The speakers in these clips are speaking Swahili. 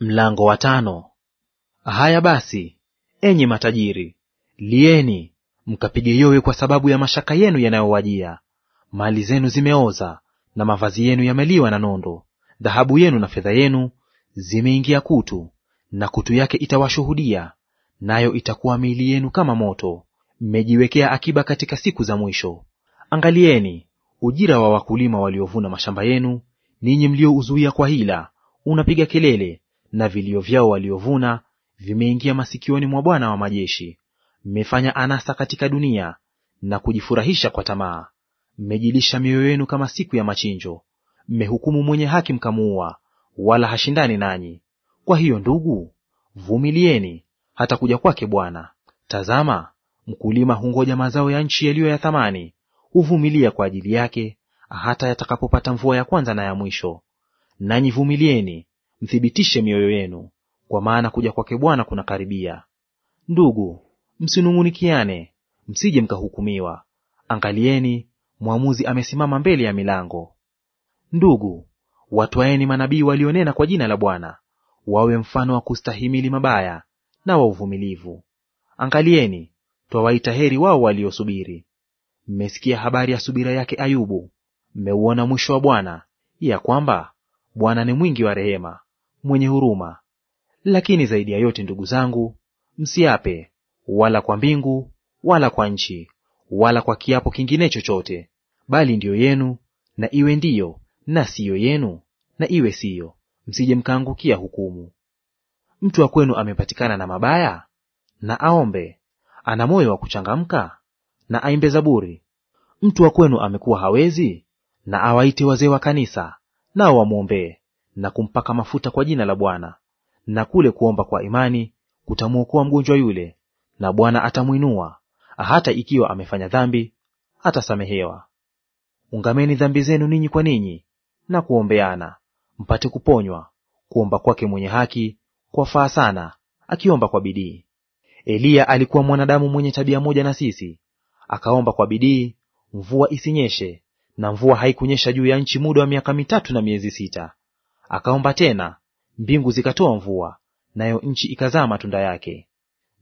Mlango wa tano. Haya basi, enyi matajiri, lieni mkapige yowe kwa sababu ya mashaka yenu yanayowajia. Mali zenu zimeoza na mavazi yenu yameliwa na nondo. Dhahabu yenu na fedha yenu zimeingia kutu, na kutu yake itawashuhudia, nayo itakuwa miili yenu kama moto. Mmejiwekea akiba katika siku za mwisho. Angalieni ujira wa wakulima waliovuna mashamba yenu, ninyi mliouzuia kwa hila, unapiga kelele na vilio vyao waliovuna vimeingia masikioni mwa Bwana wa majeshi. Mmefanya anasa katika dunia na kujifurahisha kwa tamaa. Mmejilisha mioyo yenu kama siku ya machinjo. Mmehukumu mwenye haki mkamuua, wala hashindani nanyi. Kwa hiyo ndugu, vumilieni hata kuja kwake Bwana. Tazama, mkulima hungoja mazao ya nchi yaliyo ya thamani, huvumilia kwa ajili yake hata yatakapopata mvua ya kwanza na ya mwisho. Nanyi vumilieni mthibitishe mioyo yenu, kwa maana kuja kwake Bwana kunakaribia. Ndugu, msinung'unikiane, msije mkahukumiwa. Angalieni, mwamuzi amesimama mbele ya milango. Ndugu, watwaeni manabii walionena kwa jina la Bwana, wawe mfano wa kustahimili mabaya na wa uvumilivu. Angalieni, twawaita heri wao waliosubiri. Mmesikia habari ya subira yake Ayubu, mmeuona mwisho wa Bwana, ya kwamba Bwana ni mwingi wa rehema, mwenye huruma. Lakini zaidi ya yote, ndugu zangu, msiape wala kwa mbingu wala kwa nchi wala kwa kiapo kingine chochote, bali ndiyo yenu na iwe ndiyo, na siyo yenu na iwe siyo, msije mkaangukia hukumu. Mtu wa kwenu amepatikana na mabaya, na aombe; ana moyo wa kuchangamka, na aimbe zaburi. Mtu wa kwenu amekuwa hawezi, na awaite wazee wa kanisa, nao wamwombee na kumpaka mafuta kwa jina la Bwana, na kule kuomba kwa imani kutamwokoa mgonjwa yule, na Bwana atamwinua; hata ikiwa amefanya dhambi atasamehewa. Ungameni dhambi zenu ninyi kwa ninyi na kuombeana, mpate kuponywa. Kuomba kwake mwenye haki kwa faa sana, akiomba kwa bidii. Eliya alikuwa mwanadamu mwenye tabia moja na sisi, akaomba kwa bidii mvua isinyeshe, na mvua haikunyesha juu ya nchi muda wa miaka mitatu na miezi sita. Akaomba tena, mbingu zikatoa mvua, nayo nchi ikazaa matunda yake.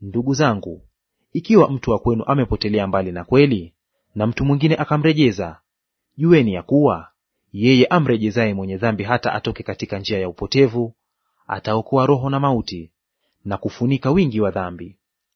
Ndugu zangu, ikiwa mtu wa kwenu amepotelea mbali na kweli, na mtu mwingine akamrejeza, jueni ya kuwa yeye amrejezaye mwenye dhambi hata atoke katika njia ya upotevu, ataokoa roho na mauti, na kufunika wingi wa dhambi.